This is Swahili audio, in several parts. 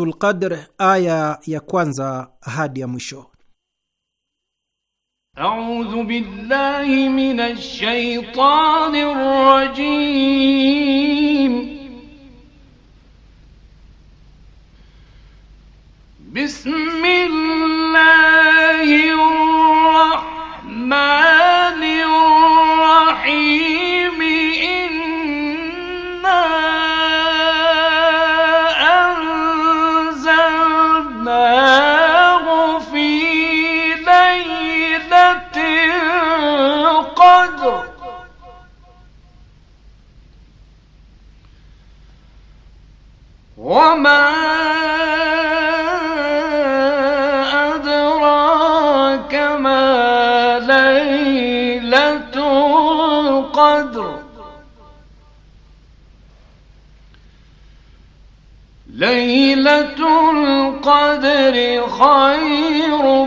Suratul Qadr aya ya kwanza hadi ya mwisho. A'udhu billahi minash shaitanir rajim ليلة القدر خير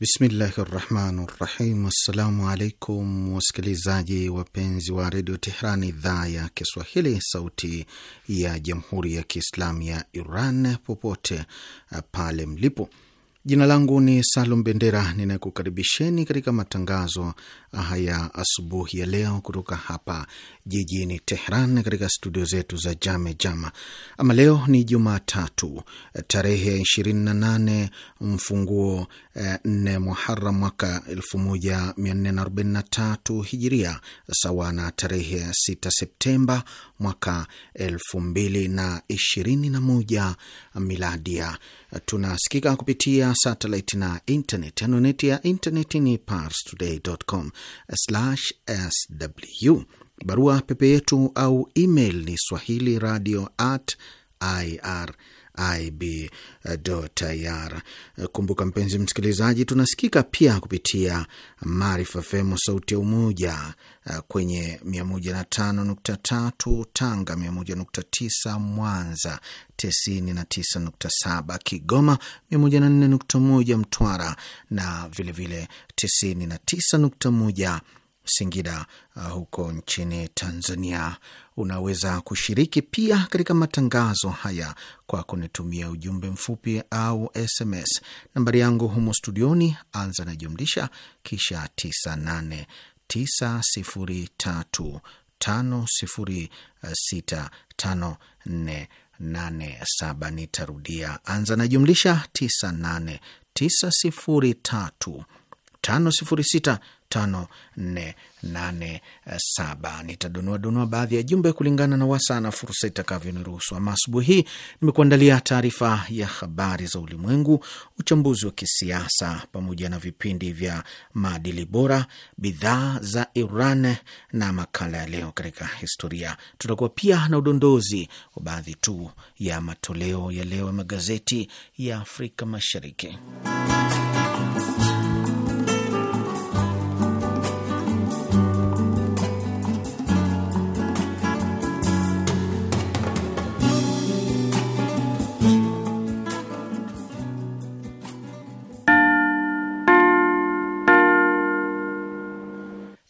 Bismillahi rahmani rahim. Assalamu alaikum wasikilizaji wapenzi wa redio Tehran, idhaa ya Kiswahili, sauti ya jamhuri ya kiislamu ya Iran, popote pale mlipo. Jina langu ni Salum Bendera, ninakukaribisheni katika matangazo haya asubuhi ya leo kutoka hapa jijini Tehran, katika studio zetu za Jame Jama. Ama leo ni Jumatatu, tarehe ya 28 mfunguo 4 Muharam mwaka 1443 Hijiria, sawa na tarehe 6 Septemba mwaka 2021 Miladia. Tunasikika kupitia satelit na internet. anoneti ya internet ni parstoday.com/sw. Barua pepe yetu au email ni swahili radio at irib.ir. Kumbuka mpenzi msikilizaji, tunasikika pia kupitia Maarifa FM sauti ya Umoja kwenye 105.3 Tanga, 101.9 Mwanza, 99.7 Kigoma, 104.1 Mtwara na vilevile 99.1 vile, Singida uh, huko nchini Tanzania. Unaweza kushiriki pia katika matangazo haya kwa kunitumia ujumbe mfupi au SMS. Nambari yangu humo studioni, anza na jumlisha kisha 989035065487. Nitarudia, anza na jumlisha 989035 5065487. Nitadunua dunua baadhi ya jumbe kulingana na wasa na fursa itakavyoniruhusu. Ama asubuhi hii nimekuandalia taarifa ya habari za ulimwengu, uchambuzi wa kisiasa, pamoja na vipindi vya maadili bora, bidhaa za Iran na makala ya leo katika historia. Tutakuwa pia na udondozi wa baadhi tu ya matoleo ya leo ya magazeti ya Afrika Mashariki.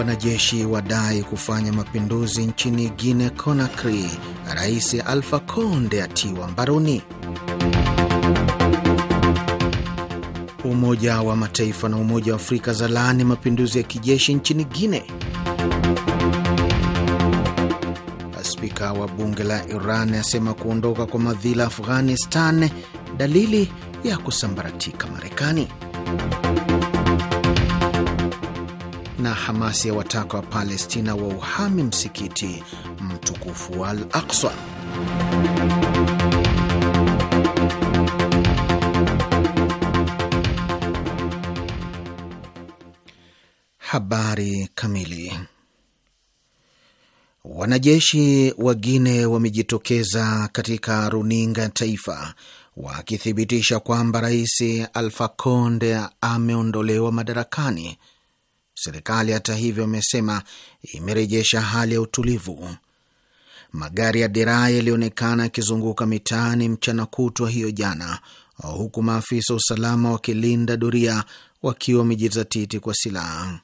Wanajeshi wadai kufanya mapinduzi nchini Guinea Conakry. Rais Alpha Conde atiwa mbaroni. Umoja wa Mataifa na Umoja wa Afrika laani mapinduzi ya kijeshi nchini Guinea. Spika wa bunge la Iran asema kuondoka kwa madhila Afghanistan dalili ya kusambaratika Marekani na Hamasi ya wataka wa Palestina wa uhami msikiti mtukufu wa Al Aqsa. Habari kamili. Wanajeshi wagine wamejitokeza katika runinga taifa wakithibitisha kwamba rais Alfa ameondolewa madarakani Serikali hata hivyo imesema imerejesha hali ya utulivu. Magari ya deraa yalionekana yakizunguka mitaani mchana kutwa hiyo jana, huku maafisa wa usalama wakilinda doria wakiwa wamejizatiti kwa silaha.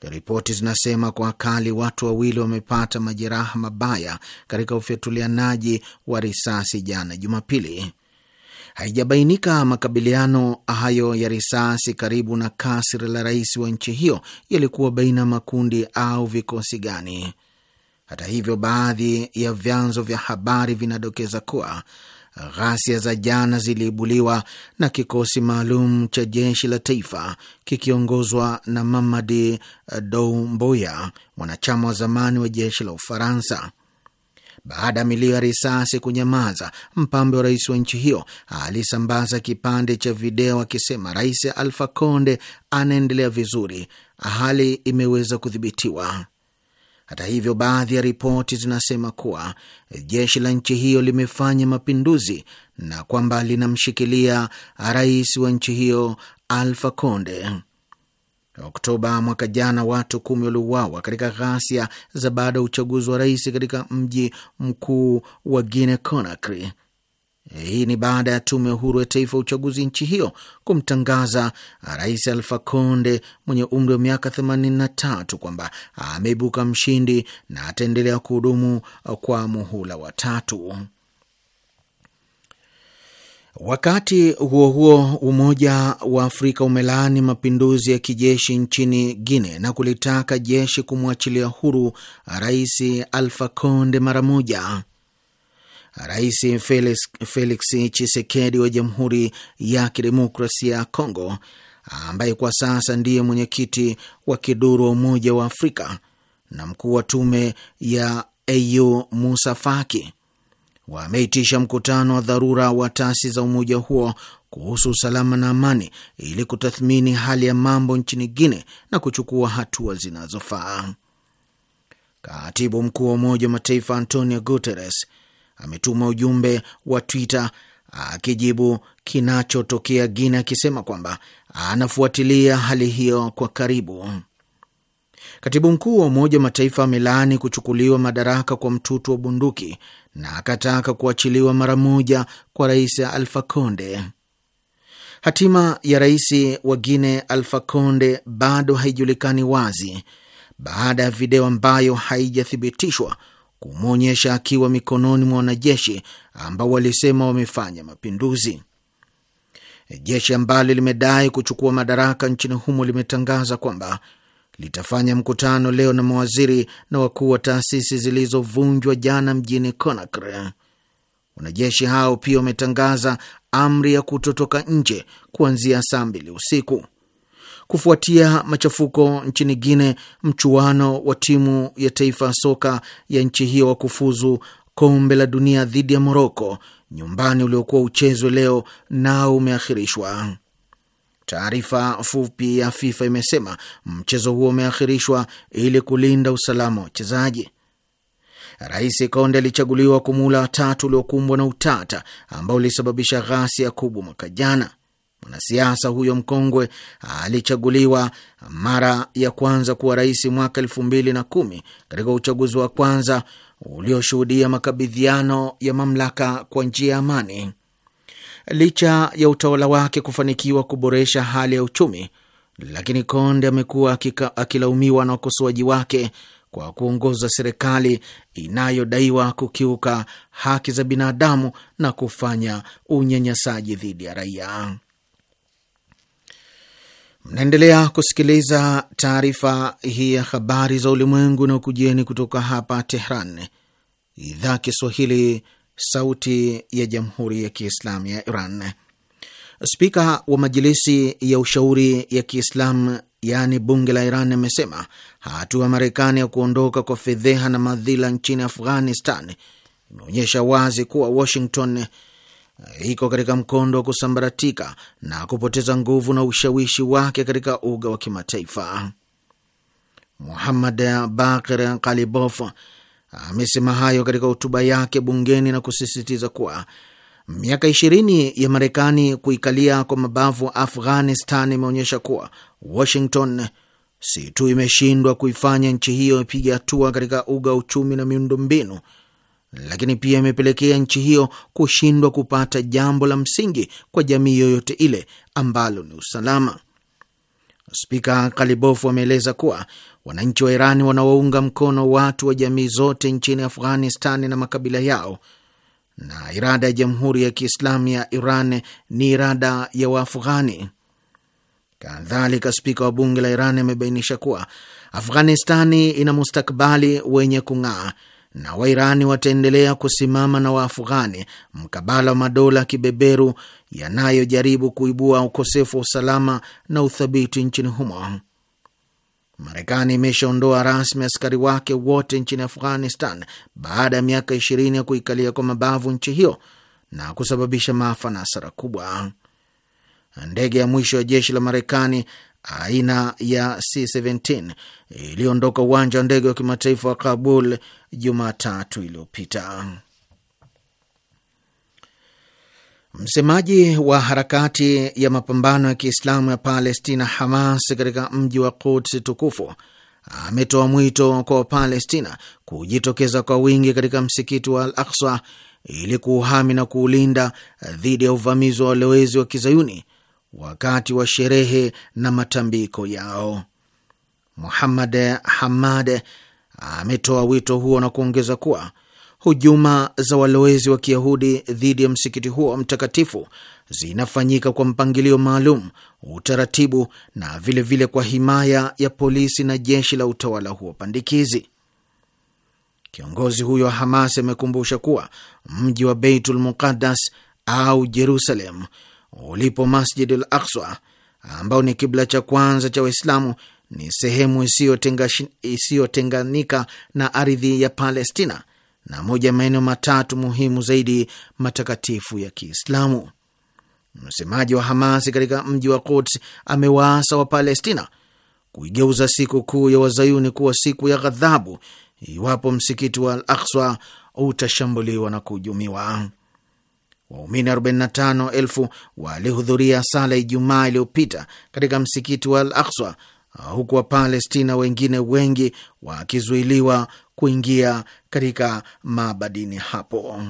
Ripoti zinasema kwa akali watu wawili wamepata majeraha mabaya katika ufyatulianaji wa risasi jana Jumapili. Haijabainika makabiliano hayo ya risasi karibu na kasri la rais wa nchi hiyo yalikuwa baina ya makundi au vikosi gani. Hata hivyo, baadhi ya vyanzo vya habari vinadokeza kuwa ghasia za jana ziliibuliwa na kikosi maalum cha jeshi la taifa kikiongozwa na Mamadi Doumbouya, mwanachama wa zamani wa jeshi la Ufaransa. Baada ya milio ya risasi kunyamaza, mpambe wa rais wa nchi hiyo alisambaza kipande cha video akisema Rais Alfa conde anaendelea vizuri, hali imeweza kudhibitiwa. Hata hivyo, baadhi ya ripoti zinasema kuwa jeshi la nchi hiyo limefanya mapinduzi na kwamba linamshikilia rais wa nchi hiyo Alfa conde Oktoba mwaka jana watu kumi waliuawa katika ghasia za baada ya uchaguzi wa rais katika mji mkuu wa Guinea Conakry. Hii ni baada ya tume huru ya taifa ya uchaguzi nchi hiyo kumtangaza rais Alfa Conde mwenye umri wa miaka 83 kwamba ameibuka mshindi na ataendelea kuhudumu kwa muhula wa tatu. Wakati huo huo, Umoja wa Afrika umelaani mapinduzi ya kijeshi nchini Guinea na kulitaka jeshi kumwachilia huru Rais Alfa Conde mara moja. Rais Felix, Felix wa Jamhuri ya Kidemokrasia ya congo ambaye kwa sasa ndiye mwenyekiti wa kiduru wa Umoja wa Afrika, na mkuu wa tume ya AU Musa Faki wameitisha mkutano wa dharura wa taasisi za umoja huo kuhusu usalama na amani ili kutathmini hali ya mambo nchini guine na kuchukua hatua zinazofaa. Katibu mkuu wa Umoja wa Mataifa Antonio Guterres ametuma ujumbe wa Twitter akijibu kinachotokea guine akisema kwamba anafuatilia hali hiyo kwa karibu. Katibu mkuu wa Umoja wa Mataifa amelaani kuchukuliwa madaraka kwa mtutu wa bunduki na akataka kuachiliwa mara moja kwa rais Alfa Conde. Hatima ya rais wa Guine Alfa Conde bado haijulikani wazi baada ya video ambayo haijathibitishwa kumwonyesha akiwa mikononi mwa wanajeshi ambao walisema wamefanya mapinduzi. Jeshi ambalo limedai kuchukua madaraka nchini humo limetangaza kwamba litafanya mkutano leo na mawaziri na wakuu wa taasisi zilizovunjwa jana mjini Conakry. Wanajeshi hao pia wametangaza amri ya kutotoka nje kuanzia saa mbili usiku kufuatia machafuko nchini Guine. Mchuano wa timu ya taifa ya soka ya nchi hiyo wa kufuzu kombe la dunia dhidi ya Moroko nyumbani uliokuwa uchezwe leo nao umeahirishwa. Taarifa fupi ya FIFA imesema mchezo huo umeahirishwa ili kulinda usalama wa wachezaji. Rais Konde alichaguliwa kwa muhula watatu uliokumbwa na utata ambao ulisababisha ghasia kubwa mwaka jana. Mwanasiasa huyo mkongwe alichaguliwa mara ya kwanza kuwa rais mwaka elfu mbili na kumi katika uchaguzi wa kwanza ulioshuhudia makabidhiano ya mamlaka kwa njia ya amani. Licha ya utawala wake kufanikiwa kuboresha hali ya uchumi, lakini Konde amekuwa akilaumiwa na wakosoaji wake kwa kuongoza serikali inayodaiwa kukiuka haki za binadamu na kufanya unyanyasaji dhidi ya raia. Mnaendelea kusikiliza taarifa hii ya habari za ulimwengu na ukujieni kutoka hapa Tehran, idhaa Kiswahili, Sauti ya Jamhuri ya Kiislamu ya Iran. Spika wa Majilisi ya Ushauri ya Kiislamu yaani bunge la Iran amesema hatua ya Marekani ya kuondoka kwa fedheha na madhila nchini Afghanistan imeonyesha wazi kuwa Washington iko katika mkondo wa kusambaratika na kupoteza nguvu na ushawishi wake katika uga wa kimataifa. Muhammad Bakir Kalibof, amesema hayo katika hotuba yake bungeni na kusisitiza kuwa miaka ishirini ya Marekani kuikalia kwa mabavu Afghanistan imeonyesha kuwa Washington si tu imeshindwa kuifanya nchi hiyo ipige hatua katika uga wa uchumi na miundombinu, lakini pia imepelekea nchi hiyo kushindwa kupata jambo la msingi kwa jamii yoyote ile ambalo ni usalama. Spika Kalibofu ameeleza kuwa wananchi wa Irani wanawaunga mkono watu wa jamii zote nchini Afghanistani na makabila yao, na irada ya Jamhuri ya Kiislamu ya Iran ni irada ya Waafghani. Kadhalika, spika wa bunge la Iran amebainisha kuwa Afghanistani ina mustakbali wenye kung'aa na Wairani wataendelea kusimama na Waafghani mkabala wa madola kibeberu yanayojaribu kuibua ukosefu wa usalama na uthabiti nchini humo. Marekani imeshaondoa rasmi askari wake wote nchini Afghanistan baada ya miaka ishirini ya kuikalia kwa mabavu nchi hiyo na kusababisha maafa na hasara kubwa. Ndege ya mwisho ya jeshi la Marekani aina ya C-17 iliyoondoka uwanja wa ndege wa kimataifa wa Kabul Jumatatu iliyopita. Msemaji wa harakati ya mapambano ya Kiislamu ya Palestina, Hamas, katika mji wa Quds tukufu ametoa mwito kwa Wapalestina kujitokeza kwa wingi katika msikiti wa Al Aksa ili kuuhami na kuulinda dhidi ya uvamizi wa walowezi wa kizayuni wakati wa sherehe na matambiko yao. Muhammad Hamad ametoa wito huo na kuongeza kuwa hujuma za walowezi wa Kiyahudi dhidi ya msikiti huo wa mtakatifu zinafanyika kwa mpangilio maalum, utaratibu na vilevile vile kwa himaya ya polisi na jeshi la utawala huo pandikizi. Kiongozi huyo wa Hamas amekumbusha kuwa mji wa Beitul Muqaddas au Jerusalem ulipo Masjid al Aqsa ambao ni kibla cha kwanza cha Waislamu ni sehemu isiyotenganika na ardhi ya Palestina na moja ya maeneo matatu muhimu zaidi matakatifu ya Kiislamu. Msemaji wa Hamasi katika mji wa Quds amewaasa Wapalestina kuigeuza siku kuu ya Wazayuni kuwa siku ya ghadhabu iwapo msikiti wa Al Akswa utashambuliwa na kuhujumiwa. Waumini 45,000 walihudhuria sala Ijumaa iliyopita katika msikiti wa Al Akswa, huku Wapalestina wengine wengi wakizuiliwa kuingia katika mabadini hapo.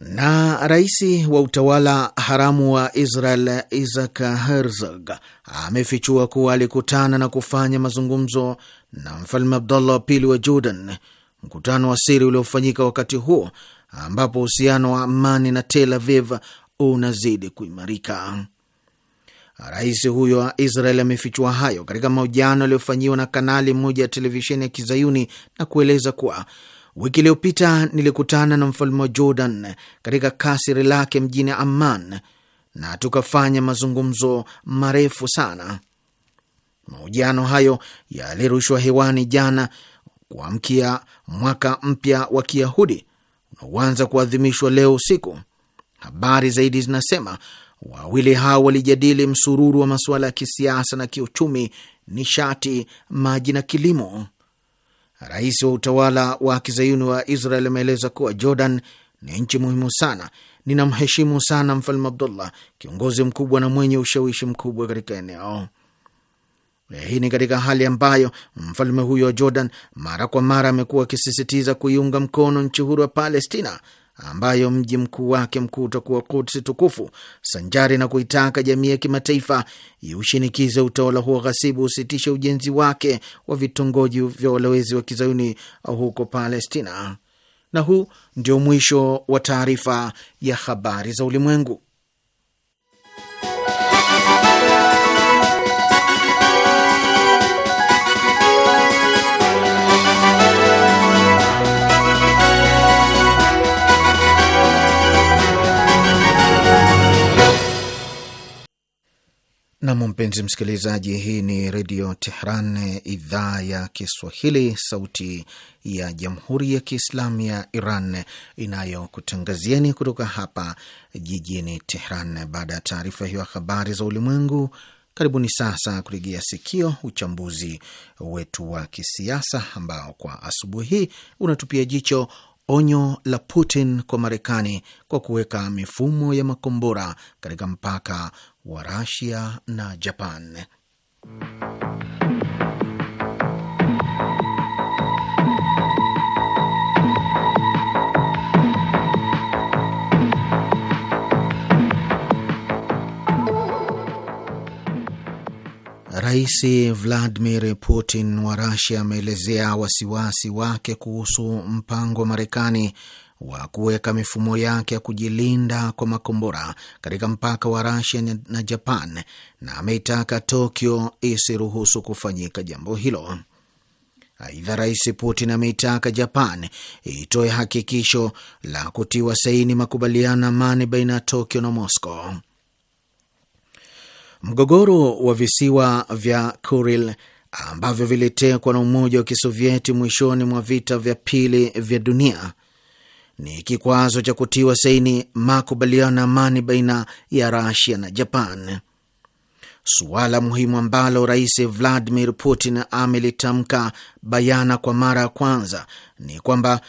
Na rais wa utawala haramu wa Israel Isaac Herzog amefichua kuwa alikutana na kufanya mazungumzo na mfalme Abdullah wa pili wa Jordan, mkutano wa siri uliofanyika wakati huo ambapo uhusiano wa amani na Tel Aviv unazidi kuimarika. Rais huyo wa Israel amefichua hayo katika mahojiano yaliyofanyiwa na kanali moja ya televisheni ya kizayuni na kueleza kuwa wiki iliyopita nilikutana na mfalme wa Jordan katika kasiri lake mjini Amman na tukafanya mazungumzo marefu sana. Mahojiano hayo yalirushwa hewani jana kuamkia mwaka mpya wa Kiyahudi unaoanza kuadhimishwa leo usiku. Habari zaidi zinasema Wawili hao walijadili msururu wa masuala ya kisiasa na kiuchumi, nishati, maji na kilimo. Rais wa utawala wa kizayuni wa Israel ameeleza kuwa Jordan ni nchi muhimu sana. Ninamheshimu sana Mfalme Abdullah, kiongozi mkubwa na mwenye ushawishi mkubwa katika eneo. Hii ni katika hali ambayo mfalme huyo wa Jordan mara kwa mara amekuwa akisisitiza kuiunga mkono nchi huru ya Palestina ambayo mji mkuu wake mkuu utakuwa kutsi tukufu, sanjari na kuitaka jamii ya kimataifa iushinikize utawala huo ghasibu usitishe ujenzi wake wa vitongoji vya walowezi wa kizayuni huko Palestina. Na huu ndio mwisho wa taarifa ya habari za ulimwengu. Nam, mpenzi msikilizaji, hii ni Redio Tehran, idhaa ya Kiswahili, sauti ya Jamhuri ya Kiislamu ya Iran inayokutangazieni kutoka hapa jijini Tehran. Baada ya taarifa hiyo ya habari za ulimwengu, karibuni sasa kurejea sikio uchambuzi wetu wa kisiasa ambao kwa asubuhi hii unatupia jicho onyo la Putin kwa Marekani kwa kuweka mifumo ya makombora katika mpaka wa Rasia na Japan. Rais Vladimir Putin wa Rasia ameelezea wasiwasi wake kuhusu mpango wa Marekani wa kuweka mifumo yake ya kujilinda kwa makombora katika mpaka wa rasia na Japan na ameitaka Tokyo isiruhusu kufanyika jambo hilo. Aidha, Rais Putin ameitaka Japan itoe hakikisho la kutiwa saini makubaliano ya amani baina ya Tokyo na Moscow. Mgogoro wa visiwa vya Kuril ambavyo vilitekwa na Umoja wa Kisovyeti mwishoni mwa vita vya pili vya dunia ni kikwazo cha kutiwa saini makubaliano ya amani baina ya Rasia na Japan, suala muhimu ambalo Rais Vladimir Putin amelitamka bayana kwa mara ya kwanza ni kwamba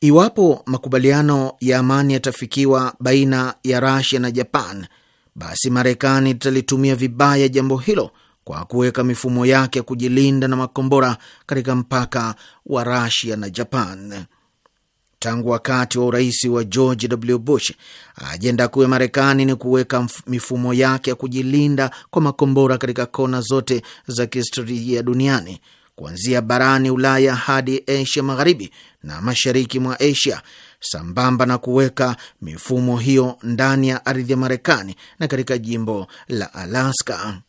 iwapo makubaliano ya amani yatafikiwa baina ya Rasia na Japan, basi Marekani italitumia vibaya jambo hilo kwa kuweka mifumo yake ya kujilinda na makombora katika mpaka wa Rasia na Japan. Tangu wakati wa urais wa George W. Bush, ajenda kuu ya Marekani ni kuweka mifumo yake ya kujilinda kwa makombora katika kona zote za kihistoria duniani, kuanzia barani Ulaya hadi Asia Magharibi na mashariki mwa Asia, sambamba na kuweka mifumo hiyo ndani ya ardhi ya Marekani na katika jimbo la Alaska.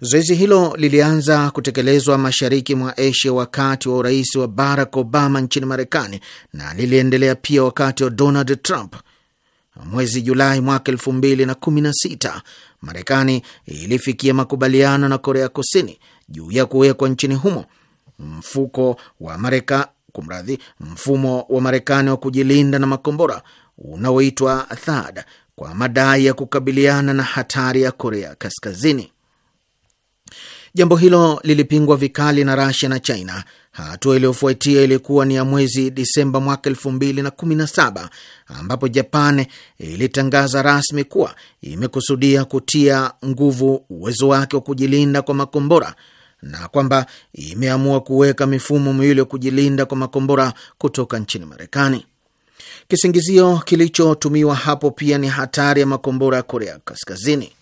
Zoezi hilo lilianza kutekelezwa mashariki mwa Asia wakati wa urais wa Barack Obama nchini Marekani na liliendelea pia wakati wa Donald Trump. Mwezi Julai mwaka elfu mbili na kumi na sita Marekani ilifikia makubaliano na Korea Kusini juu ya kuwekwa nchini humo mfuko wa Mareka, kumradhi, mfumo wa Marekani wa kujilinda na makombora unaoitwa THAD kwa madai ya kukabiliana na hatari ya Korea Kaskazini. Jambo hilo lilipingwa vikali na Rasia na China. Hatua iliyofuatia ilikuwa ni ya mwezi Disemba mwaka elfu mbili na kumi na saba ambapo Japan ilitangaza rasmi kuwa imekusudia kutia nguvu uwezo wake wa kujilinda kwa makombora na kwamba imeamua kuweka mifumo miwili ya kujilinda kwa makombora kutoka nchini Marekani. Kisingizio kilichotumiwa hapo pia ni hatari ya makombora ya Korea Kaskazini.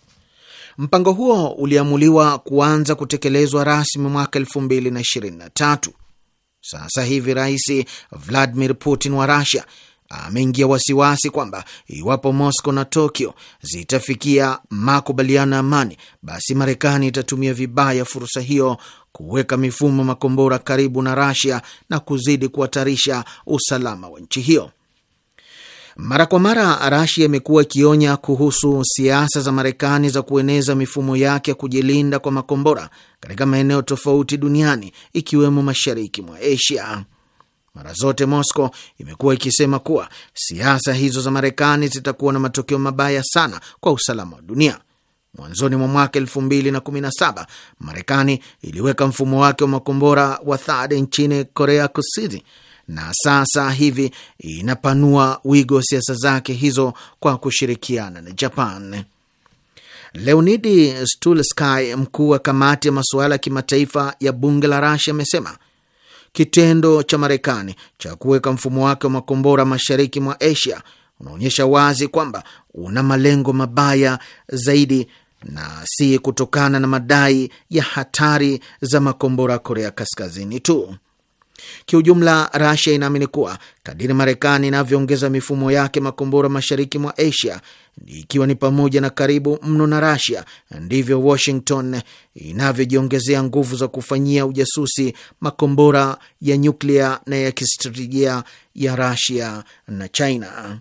Mpango huo uliamuliwa kuanza kutekelezwa rasmi mwaka 2023. Sasa hivi Rais Vladimir Putin wa rasia ameingia wasiwasi kwamba iwapo Moscow na Tokyo zitafikia makubaliano ya amani, basi Marekani itatumia vibaya fursa hiyo kuweka mifumo makombora karibu na rasia na kuzidi kuhatarisha usalama wa nchi hiyo. Mara kwa mara Rasia imekuwa ikionya kuhusu siasa za Marekani za kueneza mifumo yake ya kujilinda kwa makombora katika maeneo tofauti duniani ikiwemo mashariki mwa Asia. Mara zote Moscow imekuwa ikisema kuwa siasa hizo za Marekani zitakuwa na matokeo mabaya sana kwa usalama wa dunia. Mwanzoni mwa mwaka elfu mbili na kumi na saba Marekani iliweka mfumo wake wa makombora wa THAAD nchini Korea Kusini na sasa hivi inapanua wigo siasa zake hizo kwa kushirikiana na Japan. Leonidi Stulsky, mkuu wa kamati ya masuala ya kimataifa ya bunge la Rasia, amesema kitendo cha Marekani cha kuweka mfumo wake wa makombora mashariki mwa Asia unaonyesha wazi kwamba una malengo mabaya zaidi na si kutokana na madai ya hatari za makombora Korea Kaskazini tu. Kiujumla, Rasia inaamini kuwa kadiri Marekani inavyoongeza mifumo yake makombora mashariki mwa Asia, ikiwa ni pamoja na karibu mno na Rasia, ndivyo Washington inavyojiongezea nguvu za kufanyia ujasusi makombora ya nyuklia na ya kistratejia ya Rasia na China.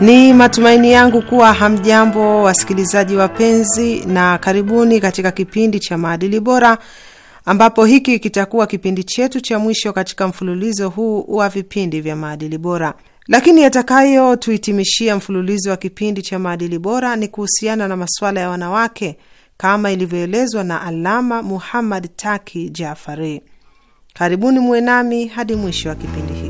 Ni matumaini yangu kuwa hamjambo wasikilizaji wapenzi, na karibuni katika kipindi cha maadili bora, ambapo hiki kitakuwa kipindi chetu cha mwisho katika mfululizo huu wa vipindi vya maadili bora. Lakini yatakayotuhitimishia mfululizo wa kipindi cha maadili bora ni kuhusiana na masuala ya wanawake kama ilivyoelezwa na Alama Muhammad Taki Jafari. Karibuni muwe nami hadi mwisho wa kipindi hiki.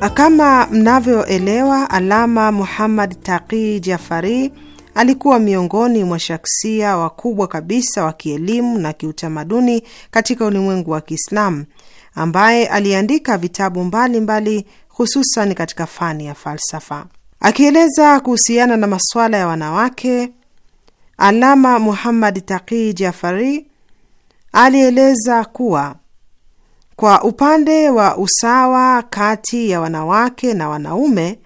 Ah, kama mnavyoelewa, Alama Muhammad Taqi Jafari alikuwa miongoni mwa shaksia wakubwa kabisa wa kielimu na kiutamaduni katika ulimwengu wa Kiislamu ambaye aliandika vitabu mbalimbali hususan katika fani ya falsafa. Akieleza kuhusiana na masuala ya wanawake, Alama Muhammad Taqi Jafari alieleza kuwa kwa upande wa usawa kati ya wanawake na wanaume,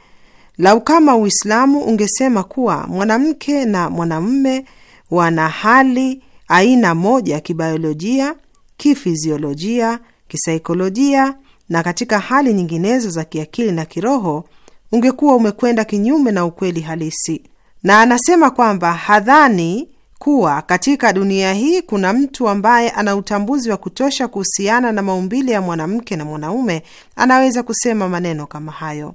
lau kama Uislamu ungesema kuwa mwanamke na mwanamume wana hali aina moja ya kibiolojia, kifiziolojia, kisaikolojia na katika hali nyinginezo za kiakili na kiroho, ungekuwa umekwenda kinyume na ukweli halisi. Na anasema kwamba hadhani kuwa katika dunia hii kuna mtu ambaye ana utambuzi wa kutosha kuhusiana na maumbile ya mwanamke na mwanaume, anaweza kusema maneno kama hayo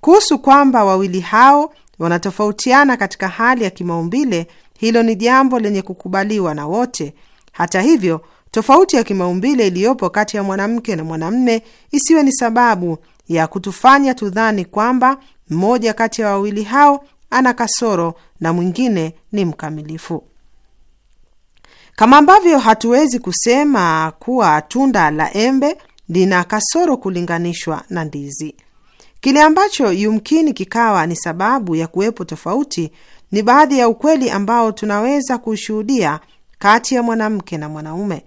kuhusu kwamba wawili hao wanatofautiana katika hali ya kimaumbile. Hilo ni jambo lenye kukubaliwa na wote. Hata hivyo, tofauti ya kimaumbile iliyopo kati ya mwanamke na mwanamme isiwe ni sababu ya kutufanya tudhani kwamba mmoja kati ya wawili hao ana kasoro na mwingine ni mkamilifu. Kama ambavyo hatuwezi kusema kuwa tunda la embe lina kasoro kulinganishwa na ndizi. Kile ambacho yumkini kikawa ni sababu ya kuwepo tofauti ni baadhi ya ukweli ambao tunaweza kushuhudia kati ya mwanamke na mwanaume.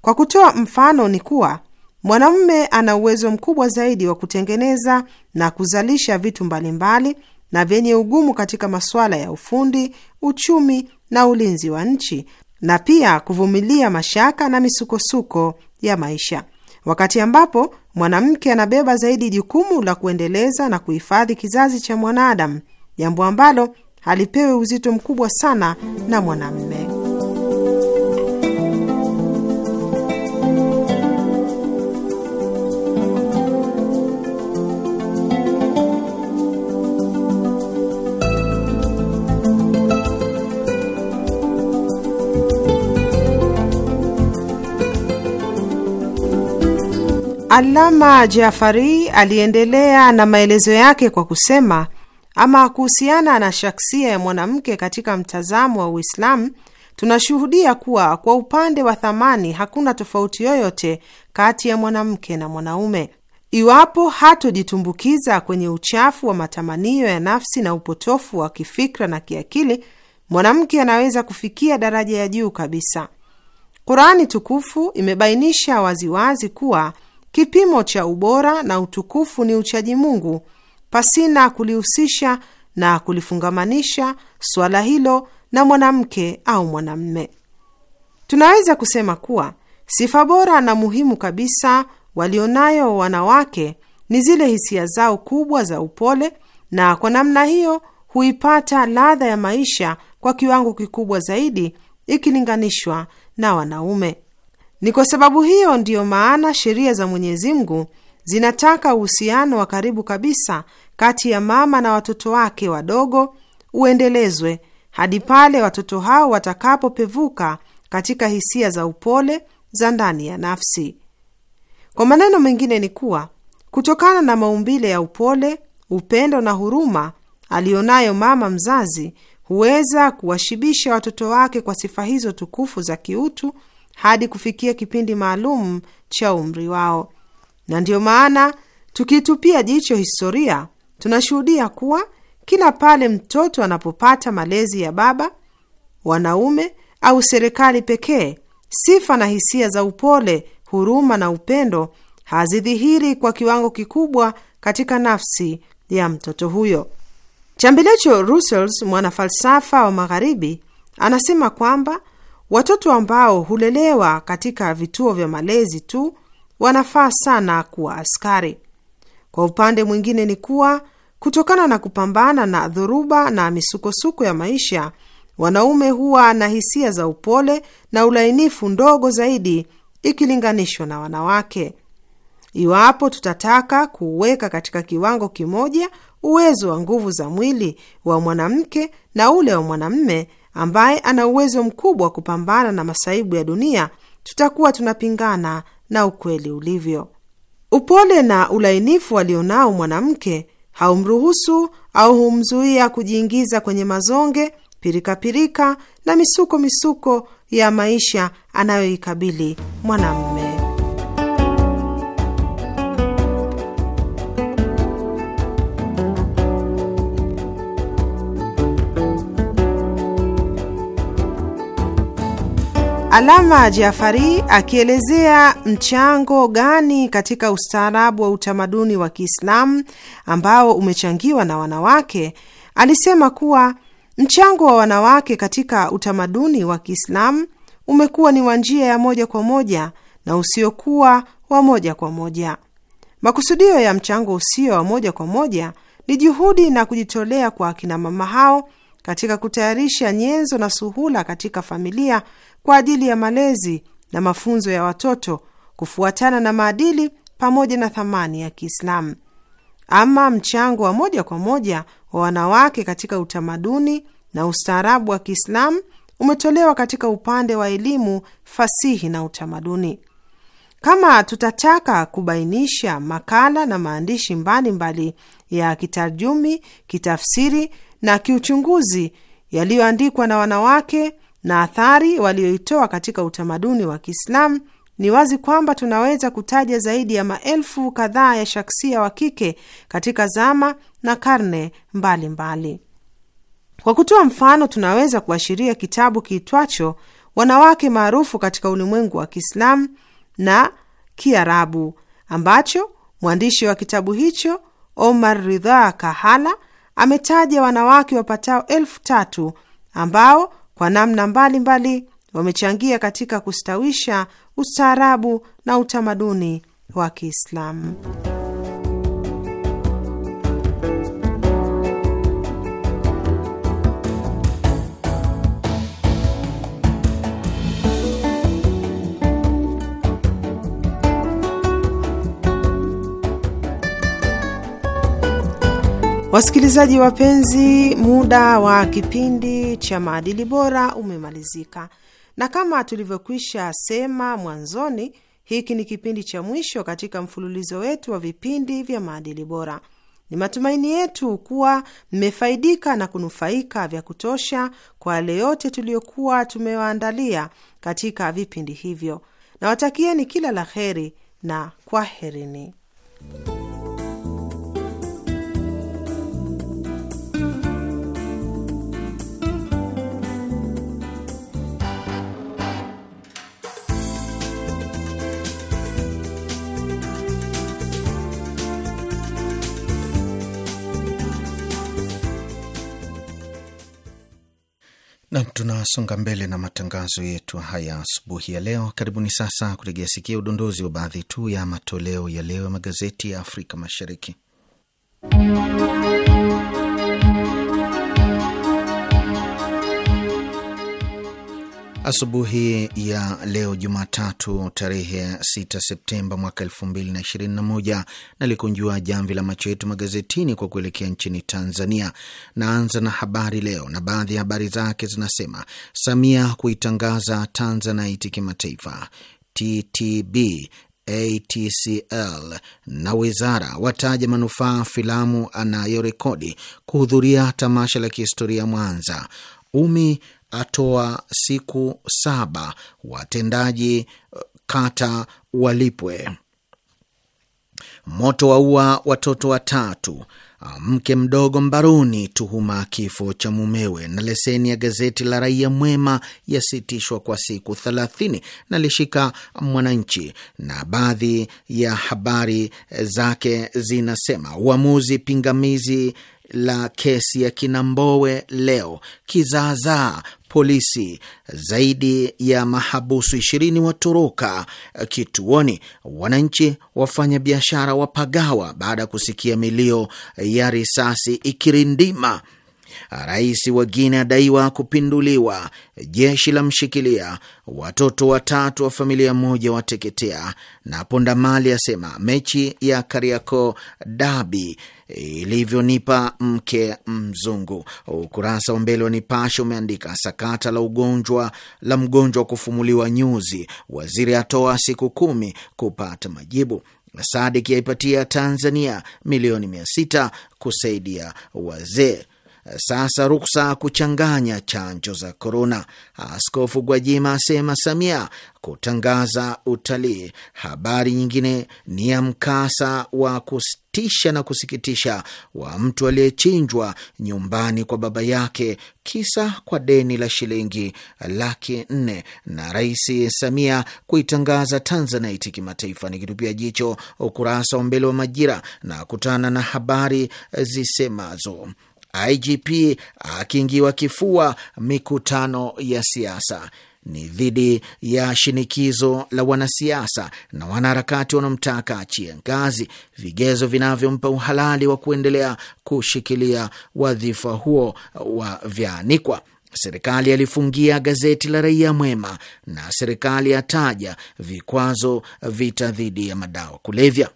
Kwa kutoa mfano, ni kuwa mwanaume ana uwezo mkubwa zaidi wa kutengeneza na kuzalisha vitu mbalimbali na vyenye ugumu katika masuala ya ufundi, uchumi na ulinzi wa nchi, na pia kuvumilia mashaka na misukosuko ya maisha, wakati ambapo mwanamke anabeba zaidi jukumu la kuendeleza na kuhifadhi kizazi cha mwanadamu, jambo ambalo halipewi uzito mkubwa sana na mwanamume. Alama Jafari aliendelea na maelezo yake kwa kusema, ama kuhusiana na shaksia ya mwanamke katika mtazamo wa Uislamu, tunashuhudia kuwa kwa upande wa thamani hakuna tofauti yoyote kati ya mwanamke na mwanaume. Iwapo hatojitumbukiza kwenye uchafu wa matamanio ya nafsi na upotofu wa kifikra na kiakili, mwanamke anaweza kufikia daraja ya juu kabisa. qurani tukufu imebainisha waziwazi kuwa Kipimo cha ubora na utukufu ni uchaji Mungu pasina kulihusisha na kulifungamanisha suala hilo na mwanamke au mwanamme. Tunaweza kusema kuwa sifa bora na muhimu kabisa walionayo wanawake ni zile hisia zao kubwa za upole, na kwa namna hiyo huipata ladha ya maisha kwa kiwango kikubwa zaidi ikilinganishwa na wanaume. Ni kwa sababu hiyo ndiyo maana sheria za Mwenyezi Mungu zinataka uhusiano wa karibu kabisa kati ya mama na watoto wake wadogo uendelezwe hadi pale watoto hao watakapopevuka katika hisia za upole za ndani ya nafsi. Kwa maneno mengine ni kuwa kutokana na maumbile ya upole, upendo na huruma aliyonayo mama mzazi, huweza kuwashibisha watoto wake kwa sifa hizo tukufu za kiutu hadi kufikia kipindi maalum cha umri wao. Na ndiyo maana tukiitupia jicho historia, tunashuhudia kuwa kila pale mtoto anapopata malezi ya baba, wanaume au serikali pekee, sifa na hisia za upole, huruma na upendo hazidhihiri kwa kiwango kikubwa katika nafsi ya mtoto huyo. Chambilecho Russell, mwanafalsafa wa Magharibi, anasema kwamba Watoto ambao hulelewa katika vituo vya malezi tu wanafaa sana kuwa askari. Kwa upande mwingine ni kuwa kutokana na kupambana na dhoruba na misukosuko ya maisha, wanaume huwa na hisia za upole na ulainifu ndogo zaidi ikilinganishwa na wanawake. Iwapo tutataka kuweka katika kiwango kimoja uwezo wa nguvu za mwili wa mwanamke na ule wa mwanamme, ambaye ana uwezo mkubwa wa kupambana na masaibu ya dunia, tutakuwa tunapingana na ukweli ulivyo. Upole na ulainifu alionao mwanamke haumruhusu au humzuia kujiingiza kwenye mazonge, pirikapirika pirika na misuko misuko ya maisha anayoikabili mwanamume. Alama Jafari akielezea mchango gani katika ustaarabu wa utamaduni wa Kiislamu ambao umechangiwa na wanawake, alisema kuwa mchango wa wanawake katika utamaduni wa Kiislamu umekuwa ni wa njia ya moja kwa moja na usiokuwa wa moja kwa moja. Makusudio ya mchango usio wa moja kwa moja ni juhudi na kujitolea kwa akinamama hao katika kutayarisha nyenzo na suhula katika familia kwa ajili ya malezi na mafunzo ya watoto kufuatana na maadili pamoja na thamani ya Kiislamu. Ama mchango wa moja kwa moja wa wanawake katika utamaduni na ustaarabu wa Kiislamu umetolewa katika upande wa elimu, fasihi na utamaduni. Kama tutataka kubainisha makala na maandishi mbalimbali mbali ya kitarjumi, kitafsiri na kiuchunguzi yaliyoandikwa na wanawake na athari walioitoa katika utamaduni wa Kiislamu, ni wazi kwamba tunaweza kutaja zaidi ya maelfu kadhaa ya shaksia wa kike katika zama na karne mbalimbali mbali. Kwa kutoa mfano, tunaweza kuashiria kitabu kiitwacho Wanawake Maarufu katika Ulimwengu wa Kiislamu na Kiarabu ambacho mwandishi wa kitabu hicho Omar Ridha Kahala ametaja wanawake wapatao elfu tatu ambao kwa namna mbalimbali mbali wamechangia katika kustawisha ustaarabu na utamaduni wa Kiislamu. Wasikilizaji wapenzi, muda wa kipindi cha maadili bora umemalizika, na kama tulivyokwisha sema mwanzoni, hiki ni kipindi cha mwisho katika mfululizo wetu wa vipindi vya maadili bora. Ni matumaini yetu kuwa mmefaidika na kunufaika vya kutosha kwa yale yote tuliyokuwa tumewaandalia katika vipindi hivyo. Nawatakieni kila la heri na kwaherini. Na tunasonga mbele na matangazo yetu haya asubuhi ya leo. Karibuni sasa kutegea sikia udondozi wa baadhi tu ya matoleo ya leo ya magazeti ya Afrika Mashariki. Asubuhi ya leo Jumatatu tarehe 6 Septemba mwaka 2021 nalikunjua jamvi la macho yetu magazetini kwa kuelekea nchini Tanzania. Naanza na Habari Leo na baadhi ya habari zake zinasema: Samia kuitangaza Tanzanite kimataifa, TTB ATCL na wizara wataja manufaa filamu anayorekodi, kuhudhuria tamasha la kihistoria Mwanza, Umi atoa siku saba watendaji eh, kata walipwe. Moto waua watoto watatu, mke mdogo mbaroni, tuhuma kifo cha mumewe. Na leseni ya gazeti la Raia Mwema yasitishwa kwa siku thelathini. Nalishika Mwananchi na baadhi ya habari zake zinasema uamuzi pingamizi la kesi ya kinambowe leo kizaazaa, polisi zaidi ya mahabusu ishirini watoroka kituoni, wananchi wafanya biashara wapagawa baada ya kusikia milio ya risasi ikirindima. Rais wa Guinea adaiwa kupinduliwa, jeshi la mshikilia, watoto watatu wa familia moja wateketea, na pondamali asema mechi ya Kariakoo dabi ilivyonipa mke mzungu. Ukurasa wa mbele wa Nipashe umeandika sakata la ugonjwa la mgonjwa wa kufumuliwa nyuzi, waziri atoa siku kumi kupata majibu. Sadik yaipatia Tanzania milioni mia sita kusaidia wazee. Sasa ruksa kuchanganya chanjo za korona. Askofu Gwajima asema Samia kutangaza utalii. Habari nyingine ni ya mkasa wa kusti tisha na kusikitisha wa mtu aliyechinjwa nyumbani kwa baba yake, kisa kwa deni la shilingi laki nne na Rais Samia kuitangaza Tanzanite kimataifa. ni kitupia jicho ukurasa wa mbele wa Majira na kutana na habari zisemazo IGP akiingiwa kifua mikutano ya siasa ni dhidi ya shinikizo la wanasiasa na wanaharakati wanaomtaka achie ngazi, vigezo vinavyompa uhalali wa kuendelea kushikilia wadhifa huo wa vyaanikwa. Serikali alifungia gazeti la Raia Mwema na serikali yataja vikwazo vita dhidi ya madawa kulevya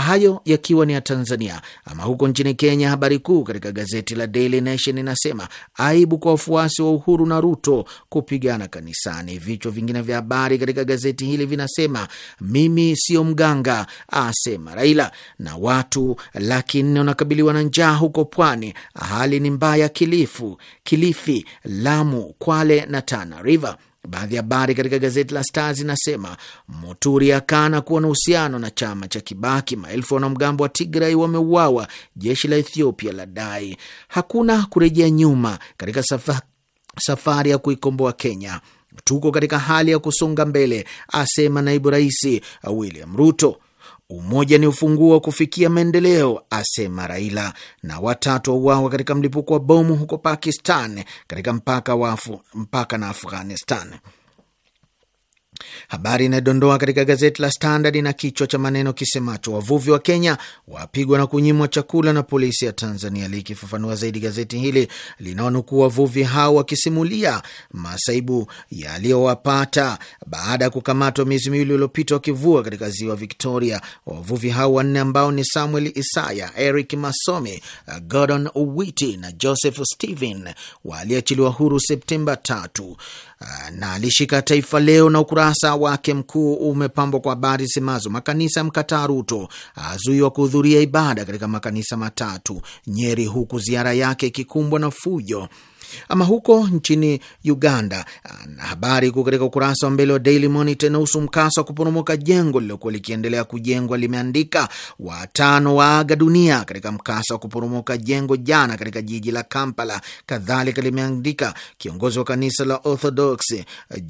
hayo yakiwa ni ya Tanzania. Ama huko nchini Kenya, habari kuu katika gazeti la Daily Nation inasema aibu kwa wafuasi wa Uhuru na Ruto kupigana kanisani. Vichwa vingine vya habari katika gazeti hili vinasema mimi sio mganga, asema Raila, na watu laki nne wanakabiliwa na njaa huko pwani, hali ni mbaya Kilifu, Kilifi, Lamu, Kwale na Tana River. Baadhi ya habari katika gazeti la Star zinasema Muturi akana kuwa na uhusiano na chama cha Kibaki. Maelfu ya wanamgambo wa tigrai wameuawa, jeshi la Ethiopia la dai hakuna kurejea nyuma katika safa, safari ya kuikomboa Kenya. Tuko katika hali ya kusonga mbele, asema naibu rais William Ruto. Umoja ni ufunguo wa kufikia maendeleo, asema Raila. Na watatu wauawa katika mlipuko wa bomu huko Pakistan, katika mpaka, mpaka na Afghanistan. Habari inayodondoa katika gazeti la Standard na kichwa cha maneno kisemacho wavuvi wa Kenya wapigwa na kunyimwa chakula na polisi ya Tanzania. Likifafanua zaidi, gazeti hili linaonukuu wavuvi hao wakisimulia masaibu yaliyowapata baada ya kukamatwa miezi miwili iliyopita wakivua katika ziwa Victoria. Wavuvi hao wanne ambao ni Samuel Isaya, Eric Masomi, Gordon Owiti na Joseph Stephen waliachiliwa huru Septemba tatu na alishika Taifa Leo na ukurasa wake mkuu umepambwa kwa habari zisemazo makanisa mkataa Ruto, azuiwa kuhudhuria ibada katika makanisa matatu Nyeri, huku ziara yake ikikumbwa na fujo. Ama huko nchini Uganda, na habari iko katika ukurasa wa mbele wa Daily Monitor inahusu mkasa wa kuporomoka jengo lililokuwa likiendelea kujengwa, limeandika watano waaga dunia katika mkasa wa kuporomoka jengo jana katika jiji la Kampala. Kadhalika limeandika kiongozi wa kanisa la Orthodox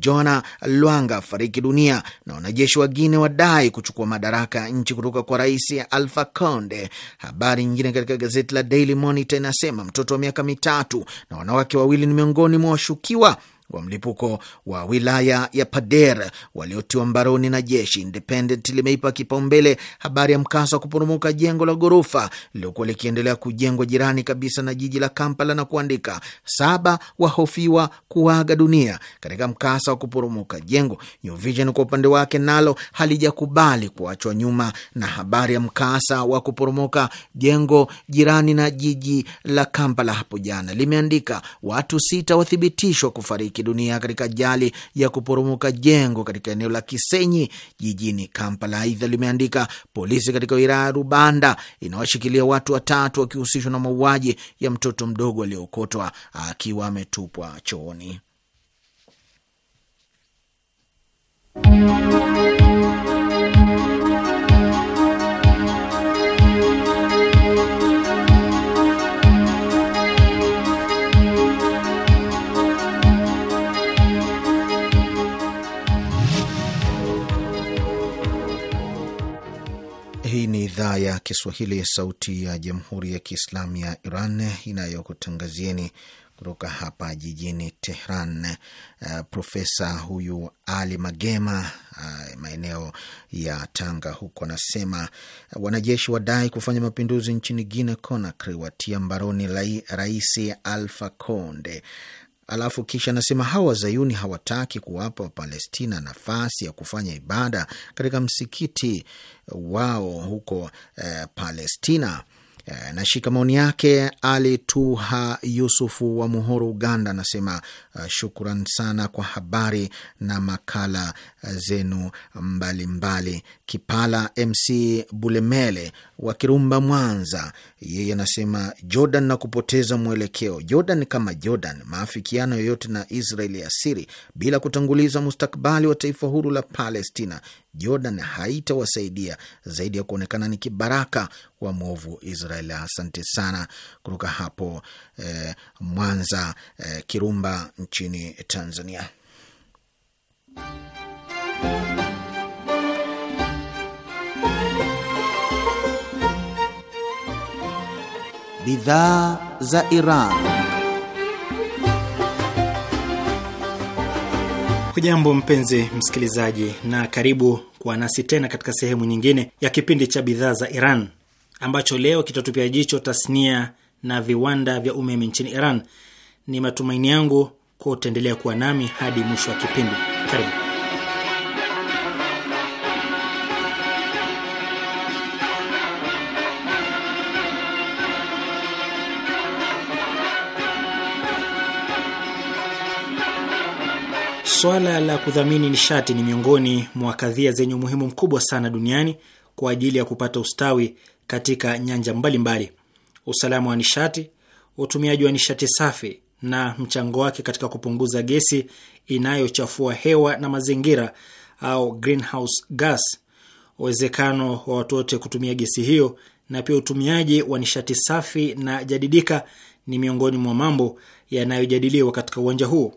Jona Lwanga fariki dunia, na wanajeshi wengine wadai kuchukua madaraka ya nchi kutoka kwa Rais Alfa Conde. Habari nyingine katika gazeti la Daily Monitor inasema mtoto wa miaka mitatu na wanawake wake wawili ni miongoni mwa washukiwa wa mlipuko wa wilaya ya Pader waliotiwa mbaroni na jeshi. Independent limeipa kipaumbele habari ya mkasa wa kuporomoka jengo la ghorofa liliokuwa likiendelea kujengwa jirani kabisa na jiji la Kampala na kuandika saba wahofiwa kuaga dunia katika mkasa wa kuporomoka jengo. New Vision kwa upande wake nalo halijakubali kuachwa nyuma na habari ya mkasa wa kuporomoka jengo jirani na jiji la Kampala hapo jana. Limeandika watu sita wathibitishwa kufariki kufariki dunia katika ajali ya kuporomoka jengo katika eneo la Kisenyi jijini Kampala. Aidha limeandika polisi katika wilaya ya Rubanda inawashikilia watu watatu wakihusishwa na mauaji ya mtoto mdogo aliyeokotwa akiwa ametupwa chooni. idhaa ya Kiswahili ya Sauti ya Jamhuri ya Kiislamu ya Iran inayokutangazieni kutoka hapa jijini Tehran. Uh, profesa huyu Ali Magema uh, maeneo ya Tanga huko anasema uh, wanajeshi wadai kufanya mapinduzi nchini Guinea Conakry watia mbaroni rais Alpha Conde alafu kisha anasema hawa wazayuni hawataki kuwapa Wapalestina nafasi ya kufanya ibada katika msikiti wao huko eh, Palestina. Eh, Nashika maoni yake Ali Tuha Yusufu wa Muhuru, Uganda, anasema eh, shukran sana kwa habari na makala eh, zenu mbalimbali mbali. Kipala MC Bulemele wa Kirumba, Mwanza, yeye anasema Jordan na kupoteza mwelekeo. Jordan kama Jordan, maafikiano yoyote na Israel ya siri bila kutanguliza mustakbali wa taifa huru la Palestina, Jordan haitawasaidia zaidi ya kuonekana ni kibaraka wa mwovu Israel. Sala, asante sana kutoka hapo eh, Mwanza eh, Kirumba nchini Tanzania. Bidhaa za Iran. Hujambo mpenzi msikilizaji, na karibu kuwa nasi tena katika sehemu nyingine ya kipindi cha bidhaa za Iran ambacho leo kitatupia jicho tasnia na viwanda vya umeme nchini Iran. Ni matumaini yangu kwa utaendelea kuwa nami hadi mwisho wa kipindi. Karibu. Swala la kudhamini nishati ni miongoni mwa kadhia zenye umuhimu mkubwa sana duniani kwa ajili ya kupata ustawi katika nyanja mbalimbali: usalama wa nishati, utumiaji wa nishati safi na mchango wake katika kupunguza gesi inayochafua hewa na mazingira au greenhouse gas, uwezekano wa watu wote kutumia gesi hiyo, na pia utumiaji wa nishati safi na jadidika ni miongoni mwa mambo yanayojadiliwa katika uwanja huu.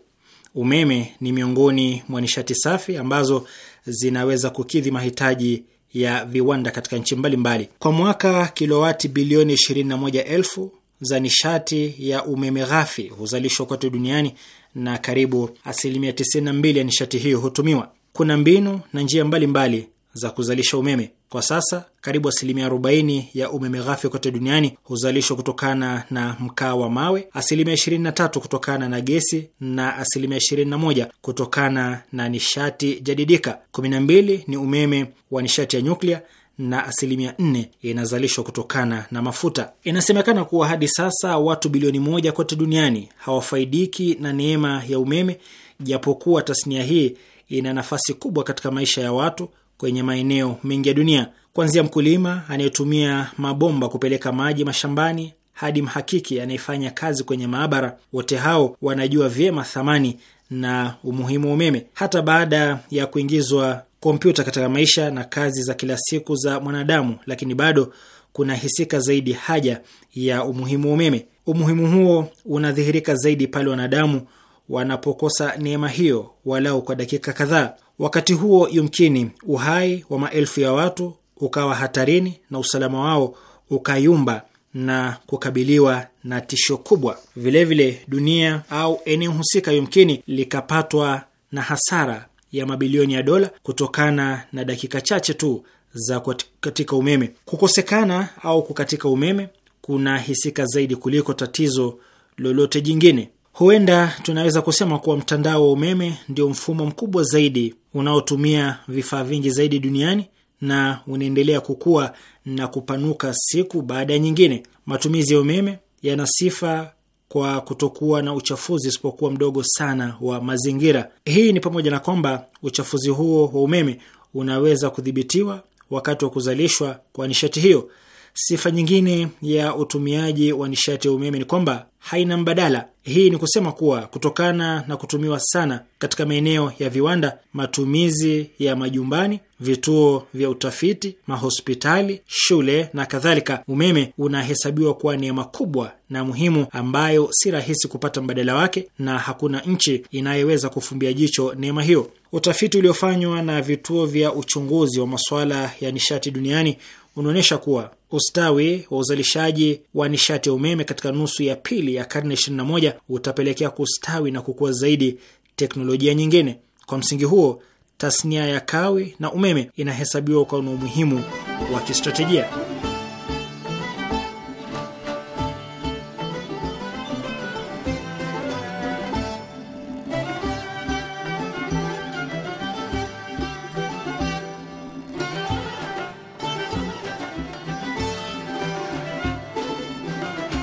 Umeme ni miongoni mwa nishati safi ambazo zinaweza kukidhi mahitaji ya viwanda katika nchi mbalimbali. Kwa mwaka kilowati bilioni 21,000 za nishati ya umeme ghafi huzalishwa kote duniani na karibu asilimia 92 ya nishati hiyo hutumiwa. Kuna mbinu na njia mbalimbali za kuzalisha umeme. Kwa sasa karibu asilimia 40 ya umeme ghafi kote duniani huzalishwa kutokana na mkaa wa mawe, asilimia 23 kutokana na gesi na asilimia 21 kutokana na nishati jadidika. 12 ni umeme wa nishati ya nyuklia na asilimia 4 inazalishwa kutokana na mafuta. Inasemekana kuwa hadi sasa watu bilioni moja kote duniani hawafaidiki na neema ya umeme, japokuwa tasnia hii ina nafasi kubwa katika maisha ya watu kwenye maeneo mengi ya dunia, kuanzia mkulima anayetumia mabomba kupeleka maji mashambani hadi mhakiki anayefanya kazi kwenye maabara. Wote hao wanajua vyema thamani na umuhimu wa umeme. Hata baada ya kuingizwa kompyuta katika maisha na kazi za kila siku za mwanadamu, lakini bado kuna hisika zaidi haja ya umuhimu wa umeme. Umuhimu huo unadhihirika zaidi pale wanadamu wanapokosa neema hiyo walau kwa dakika kadhaa. Wakati huo, yumkini uhai wa maelfu ya watu ukawa hatarini na usalama wao ukayumba na kukabiliwa na tisho kubwa. Vilevile vile dunia au eneo husika yumkini likapatwa na hasara ya mabilioni ya dola kutokana na dakika chache tu za kukatika umeme. Kukosekana au kukatika umeme kuna hisika zaidi kuliko tatizo lolote jingine. Huenda tunaweza kusema kuwa mtandao wa umeme ndio mfumo mkubwa zaidi unaotumia vifaa vingi zaidi duniani na unaendelea kukua na kupanuka siku baada ya nyingine. Matumizi ya umeme yana sifa kwa kutokuwa na uchafuzi usipokuwa mdogo sana wa mazingira. Hii ni pamoja na kwamba uchafuzi huo wa umeme unaweza kudhibitiwa wakati wa kuzalishwa kwa nishati hiyo. Sifa nyingine ya utumiaji wa nishati ya umeme ni kwamba haina mbadala. Hii ni kusema kuwa kutokana na kutumiwa sana katika maeneo ya viwanda, matumizi ya majumbani, vituo vya utafiti, mahospitali, shule na kadhalika, umeme unahesabiwa kuwa neema kubwa na muhimu ambayo si rahisi kupata mbadala wake, na hakuna nchi inayeweza kufumbia jicho neema hiyo. Utafiti uliofanywa na vituo vya uchunguzi wa masuala ya nishati duniani unaonyesha kuwa ustawi wa uzalishaji wa nishati ya umeme katika nusu ya pili ya karne 21 utapelekea kustawi na kukua zaidi teknolojia nyingine. Kwa msingi huo, tasnia ya kawi na umeme inahesabiwa kwa na umuhimu wa kistratejia.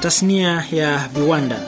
Tasnia ya viwanda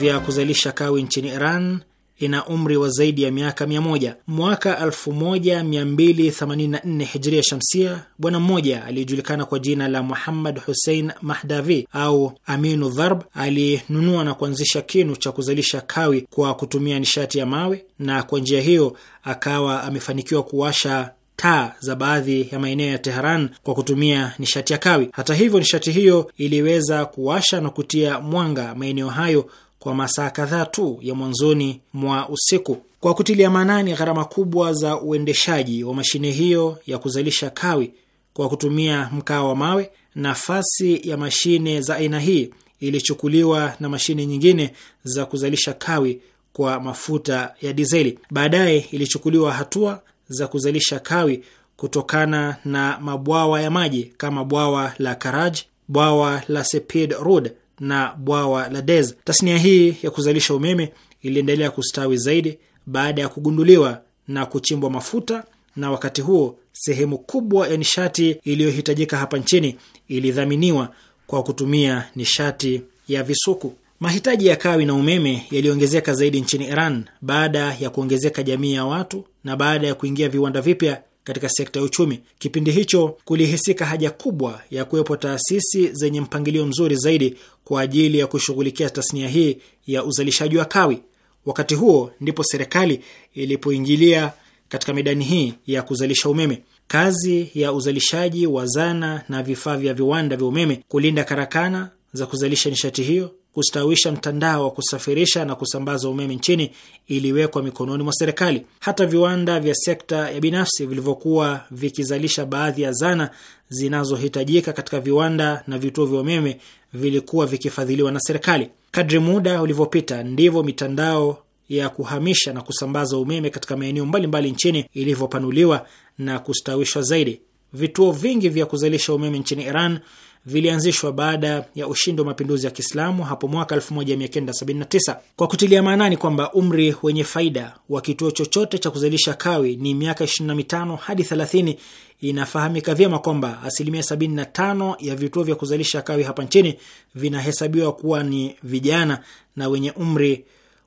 vya kuzalisha kawi nchini Iran ina umri wa zaidi ya miaka mia moja. Mwaka 1284 Hijria Shamsia, bwana mmoja aliyejulikana kwa jina la Muhammad Hussein Mahdavi au Aminu Dharb alinunua na kuanzisha kinu cha kuzalisha kawi kwa kutumia nishati ya mawe, na kwa njia hiyo akawa amefanikiwa kuwasha taa za baadhi ya maeneo ya Teheran kwa kutumia nishati ya kawi. Hata hivyo, nishati hiyo iliweza kuwasha na kutia mwanga maeneo hayo kwa masaa kadhaa tu ya mwanzoni mwa usiku. Kwa kutilia maanani gharama kubwa za uendeshaji wa mashine hiyo ya kuzalisha kawi kwa kutumia mkaa wa mawe, nafasi ya mashine za aina hii ilichukuliwa na mashine nyingine za kuzalisha kawi kwa mafuta ya dizeli. Baadaye ilichukuliwa hatua za kuzalisha kawi kutokana na mabwawa ya maji kama bwawa la Karaj, bwawa la Sepid Rud na bwawa la Dez. Tasnia hii ya kuzalisha umeme iliendelea kustawi zaidi baada ya kugunduliwa na kuchimbwa mafuta, na wakati huo sehemu kubwa ya nishati iliyohitajika hapa nchini ilidhaminiwa kwa kutumia nishati ya visukuku. Mahitaji ya kawi na umeme yaliongezeka zaidi nchini Iran baada ya kuongezeka jamii ya watu na baada ya kuingia viwanda vipya katika sekta ya uchumi. Kipindi hicho kulihisika haja kubwa ya kuwepo taasisi zenye mpangilio mzuri zaidi kwa ajili ya kushughulikia tasnia hii ya uzalishaji wa kawi. Wakati huo ndipo serikali ilipoingilia katika midani hii ya kuzalisha umeme. Kazi ya uzalishaji wa zana na vifaa vya viwanda vya umeme, kulinda karakana za kuzalisha nishati hiyo kustawisha mtandao wa kusafirisha na kusambaza umeme nchini iliwekwa mikononi mwa serikali. Hata viwanda vya sekta ya binafsi vilivyokuwa vikizalisha baadhi ya zana zinazohitajika katika viwanda na vituo vya umeme vilikuwa vikifadhiliwa na serikali. Kadri muda ulivyopita, ndivyo mitandao ya kuhamisha na kusambaza umeme katika maeneo mbalimbali nchini ilivyopanuliwa na kustawishwa zaidi. Vituo vingi vya kuzalisha umeme nchini Iran vilianzishwa baada ya ushindi wa mapinduzi ya Kiislamu hapo mwaka 1979 kwa kutilia maanani kwamba umri wenye faida wa kituo chochote cha kuzalisha kawi ni miaka 25 hadi 30. Inafahamika vyema kwamba asilimia 75 ya vituo vya kuzalisha kawi hapa nchini vinahesabiwa kuwa ni vijana na wenye umri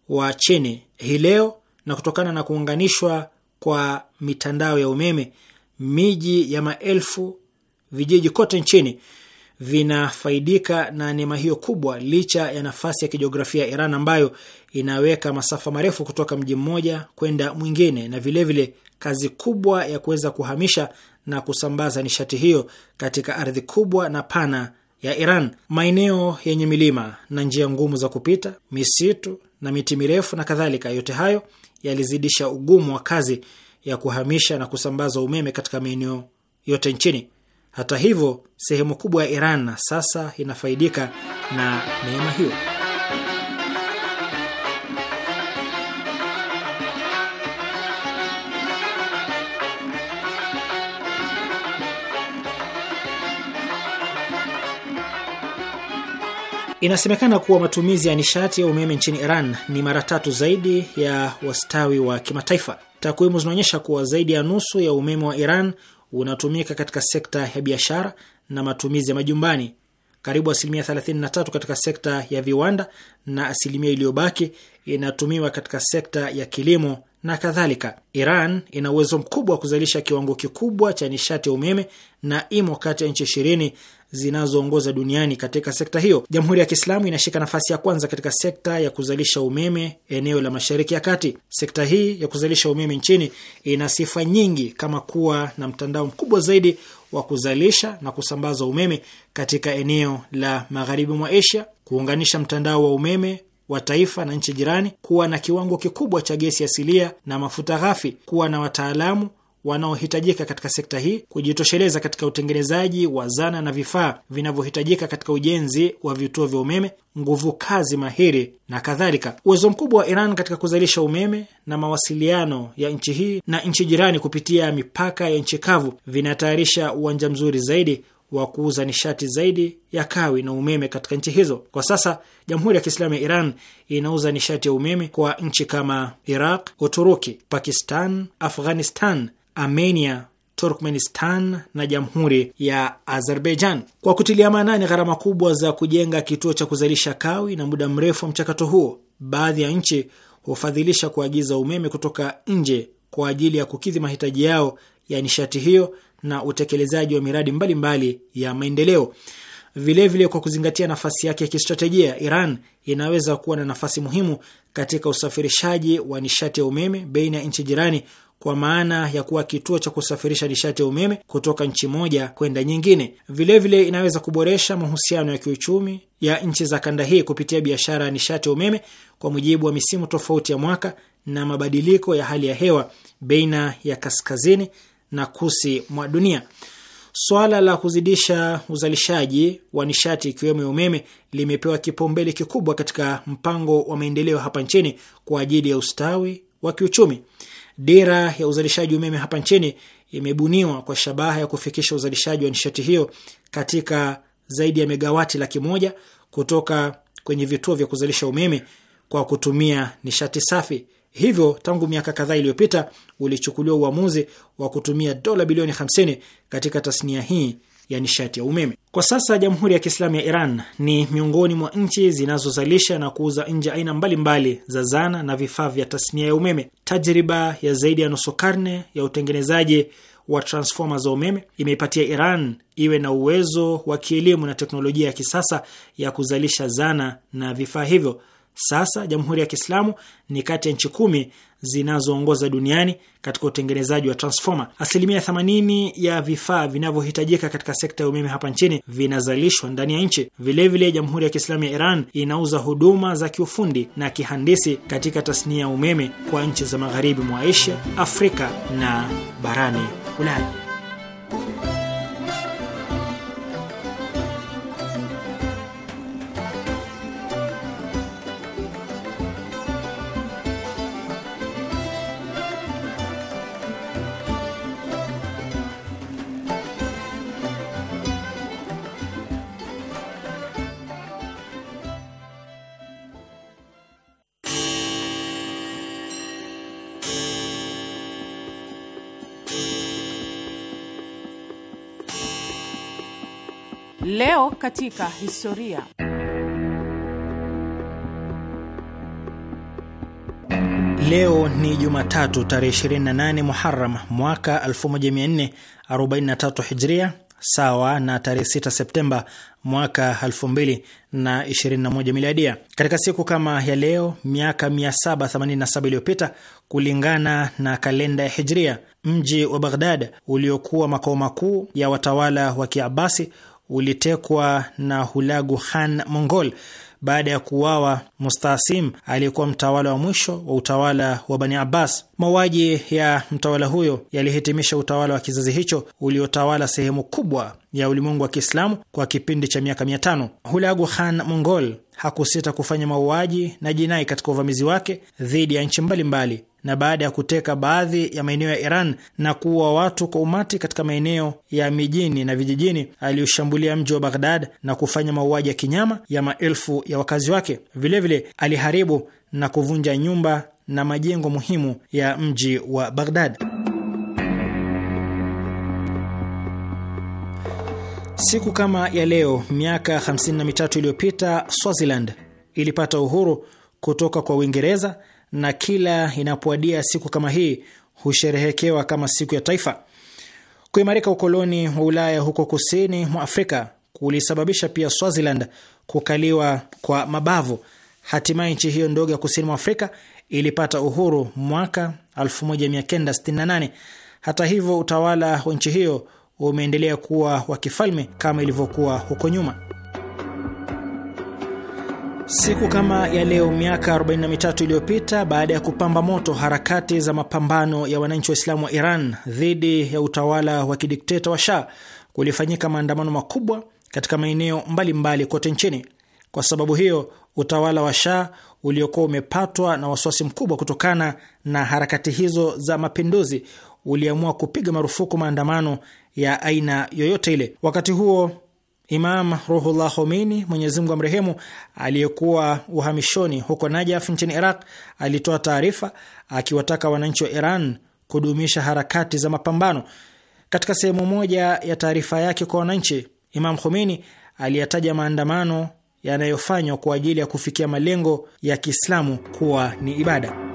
wa chini hii leo, na kutokana na kuunganishwa kwa mitandao ya umeme, miji ya maelfu, vijiji kote nchini vinafaidika na neema hiyo kubwa, licha ya nafasi ya kijiografia ya Iran ambayo inaweka masafa marefu kutoka mji mmoja kwenda mwingine, na vilevile vile kazi kubwa ya kuweza kuhamisha na kusambaza nishati hiyo katika ardhi kubwa na pana ya Iran, maeneo yenye milima na njia ngumu za kupita, misitu na miti mirefu na kadhalika. Yote hayo yalizidisha ugumu wa kazi ya kuhamisha na kusambaza umeme katika maeneo yote nchini. Hata hivyo, sehemu kubwa ya Iran sasa inafaidika na neema hiyo. Inasemekana kuwa matumizi ya nishati ya umeme nchini Iran ni mara tatu zaidi ya wastani wa kimataifa. Takwimu zinaonyesha kuwa zaidi ya nusu ya umeme wa Iran unatumika katika sekta ya biashara na matumizi ya majumbani, karibu asilimia 33 katika sekta ya viwanda, na asilimia iliyobaki inatumiwa katika sekta ya kilimo na kadhalika. Iran ina uwezo mkubwa wa kuzalisha kiwango kikubwa cha nishati ya umeme na imo kati ya nchi ishirini zinazoongoza duniani katika sekta hiyo. Jamhuri ya Kiislamu inashika nafasi ya kwanza katika sekta ya kuzalisha umeme eneo la Mashariki ya Kati. Sekta hii ya kuzalisha umeme nchini ina sifa nyingi kama kuwa na mtandao mkubwa zaidi wa kuzalisha na kusambaza umeme katika eneo la magharibi mwa Asia, kuunganisha mtandao wa umeme wa taifa na nchi jirani, kuwa na kiwango kikubwa cha gesi asilia na mafuta ghafi, kuwa na wataalamu wanaohitajika katika sekta hii kujitosheleza katika utengenezaji wa zana na vifaa vinavyohitajika katika ujenzi wa vituo vya umeme, nguvu kazi mahiri na kadhalika. Uwezo mkubwa wa Iran katika kuzalisha umeme na mawasiliano ya nchi hii na nchi jirani kupitia mipaka ya nchi kavu vinatayarisha uwanja mzuri zaidi wa kuuza nishati zaidi ya kawi na umeme katika nchi hizo. Kwa sasa Jamhuri ya Kiislamu ya Iran inauza nishati ya umeme kwa nchi kama Iraq, Uturuki, Pakistan, Afghanistan Armenia, Turkmenistan na jamhuri ya Azerbaijan. Kwa kutilia maanani gharama kubwa za kujenga kituo cha kuzalisha kawi na muda mrefu wa mchakato huo, baadhi ya nchi hufadhilisha kuagiza umeme kutoka nje kwa ajili ya kukidhi mahitaji yao ya nishati hiyo na utekelezaji wa miradi mbalimbali mbali ya maendeleo. Vilevile vile kwa kuzingatia nafasi yake ya kistratejia, Iran inaweza kuwa na nafasi muhimu katika usafirishaji wa nishati ya umeme baina ya nchi jirani kwa maana ya kuwa kituo cha kusafirisha nishati ya umeme kutoka nchi moja kwenda nyingine. Vilevile vile inaweza kuboresha mahusiano ya kiuchumi ya nchi za kanda hii kupitia biashara ya nishati ya umeme kwa mujibu wa misimu tofauti ya mwaka na mabadiliko ya hali ya hewa baina ya kaskazini na kusi mwa dunia. Swala la kuzidisha uzalishaji wa nishati ikiwemo ya umeme limepewa kipaumbele kikubwa katika mpango wa maendeleo hapa nchini kwa ajili ya ustawi wa kiuchumi. Dira ya uzalishaji umeme hapa nchini imebuniwa kwa shabaha ya kufikisha uzalishaji wa nishati hiyo katika zaidi ya megawati laki moja kutoka kwenye vituo vya kuzalisha umeme kwa kutumia nishati safi. Hivyo tangu miaka kadhaa iliyopita ulichukuliwa uamuzi wa kutumia dola bilioni 50 katika tasnia hii ya nishati ya umeme. Kwa sasa Jamhuri ya Kiislamu ya Iran ni miongoni mwa nchi zinazozalisha na kuuza nje aina mbalimbali za zana na vifaa vya tasnia ya umeme. Tajriba ya zaidi ya nusu karne ya utengenezaji wa transfoma za umeme imeipatia Iran iwe na uwezo wa kielimu na teknolojia ya kisasa ya kuzalisha zana na vifaa hivyo. Sasa Jamhuri ya Kiislamu ni kati ya nchi kumi zinazoongoza duniani katika utengenezaji wa transfoma. Asilimia 80 ya vifaa vinavyohitajika katika sekta ya umeme hapa nchini vinazalishwa ndani ya nchi. Vilevile, Jamhuri ya Kiislamu ya Iran inauza huduma za kiufundi na kihandisi katika tasnia ya umeme kwa nchi za magharibi mwa Asia, Afrika na barani Ulaya. Leo katika historia. Leo ni Jumatatu tarehe 28 muharam mwaka 1443 Hijria, sawa na tarehe 6 Septemba mwaka 2021 Miladia. Katika siku kama ya leo miaka 787 iliyopita, kulingana na kalenda ya Hijria, mji wa Baghdad uliokuwa makao makuu ya watawala wa Kiabasi ulitekwa na Hulagu Khan Mongol baada ya kuuawa Mustasim aliyekuwa mtawala wa mwisho wa utawala wa Bani Abbas. Mauaji ya mtawala huyo yalihitimisha utawala wa kizazi hicho uliotawala sehemu kubwa ya ulimwengu wa Kiislamu kwa kipindi cha miaka mia tano. Hulagu Khan Mongol hakusita kufanya mauaji na jinai katika uvamizi wake dhidi ya nchi mbalimbali na baada ya kuteka baadhi ya maeneo ya Iran na kuua watu kwa umati katika maeneo ya mijini na vijijini, aliushambulia mji wa Baghdad na kufanya mauaji ya kinyama ya maelfu ya wakazi wake. Vilevile vile, aliharibu na kuvunja nyumba na majengo muhimu ya mji wa Baghdad. Siku kama ya leo miaka 53 iliyopita Swaziland ilipata uhuru kutoka kwa Uingereza na kila inapoadia siku kama hii husherehekewa kama siku ya taifa. Kuimarika ukoloni wa Ulaya huko kusini mwa Afrika kulisababisha pia Swaziland kukaliwa kwa mabavu. Hatimaye nchi hiyo ndogo ya kusini mwa Afrika ilipata uhuru mwaka 1968. Hata hivyo, utawala wa nchi hiyo umeendelea kuwa wa kifalme kama ilivyokuwa huko nyuma. Siku kama ya leo miaka 43 iliyopita, baada ya kupamba moto harakati za mapambano ya wananchi Waislamu wa Iran dhidi ya utawala wa kidikteta wa Shah, kulifanyika maandamano makubwa katika maeneo mbalimbali kote nchini. Kwa sababu hiyo, utawala wa Shah uliokuwa umepatwa na wasiwasi mkubwa kutokana na harakati hizo za mapinduzi uliamua kupiga marufuku maandamano ya aina yoyote ile. Wakati huo Imam Ruhullah homeini Mwenyezi Mungu amrehemu, aliyekuwa uhamishoni huko Najaf nchini Iraq, alitoa taarifa akiwataka wananchi wa Iran kudumisha harakati za mapambano. Katika sehemu moja ya taarifa yake kwa wananchi, Imam Khomeini aliyataja maandamano yanayofanywa kwa ajili ya kufikia malengo ya Kiislamu kuwa ni ibada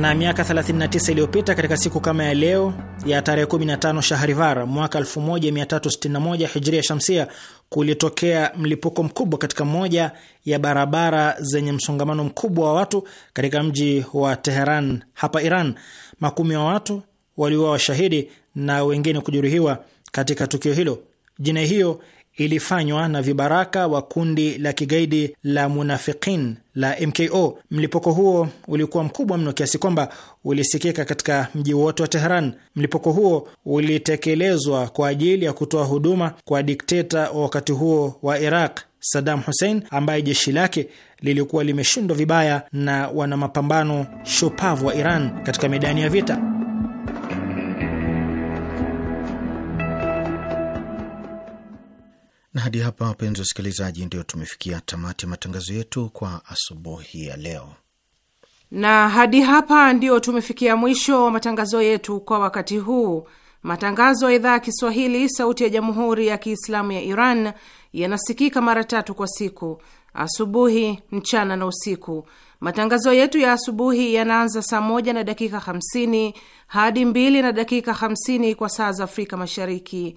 na miaka 39 iliyopita katika siku kama ya leo ya tarehe 15 Shahrivar mwaka 1361 Hijria Shamsia kulitokea mlipuko mkubwa katika moja ya barabara zenye msongamano mkubwa wa watu katika mji wa Teheran hapa Iran. Makumi wa watu waliuawa washahidi na wengine kujeruhiwa katika tukio hilo. jina hiyo ilifanywa na vibaraka wa kundi la kigaidi la Munafiqin la MKO. Mlipuko huo ulikuwa mkubwa mno kiasi kwamba ulisikika katika mji wote wa Tehran. Mlipuko huo ulitekelezwa kwa ajili ya kutoa huduma kwa dikteta wa wakati huo wa Iraq Saddam Hussein, ambaye jeshi lake lilikuwa limeshindwa vibaya na wanamapambano shupavu wa Iran katika medani ya vita. Na hadi hapa, wapenzi wasikilizaji, ndio tumefikia tamati ya matangazo yetu kwa asubuhi ya leo. Na hadi hapa ndio tumefikia mwisho wa matangazo yetu kwa wakati huu. Matangazo ya idhaa ya Kiswahili sauti ya jamhuri ya Kiislamu ya Iran yanasikika mara tatu kwa siku: asubuhi, mchana na usiku. Matangazo yetu ya asubuhi yanaanza saa moja na dakika hamsini hadi mbili na dakika hamsini kwa saa za Afrika Mashariki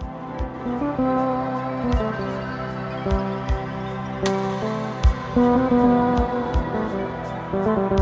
Thank you.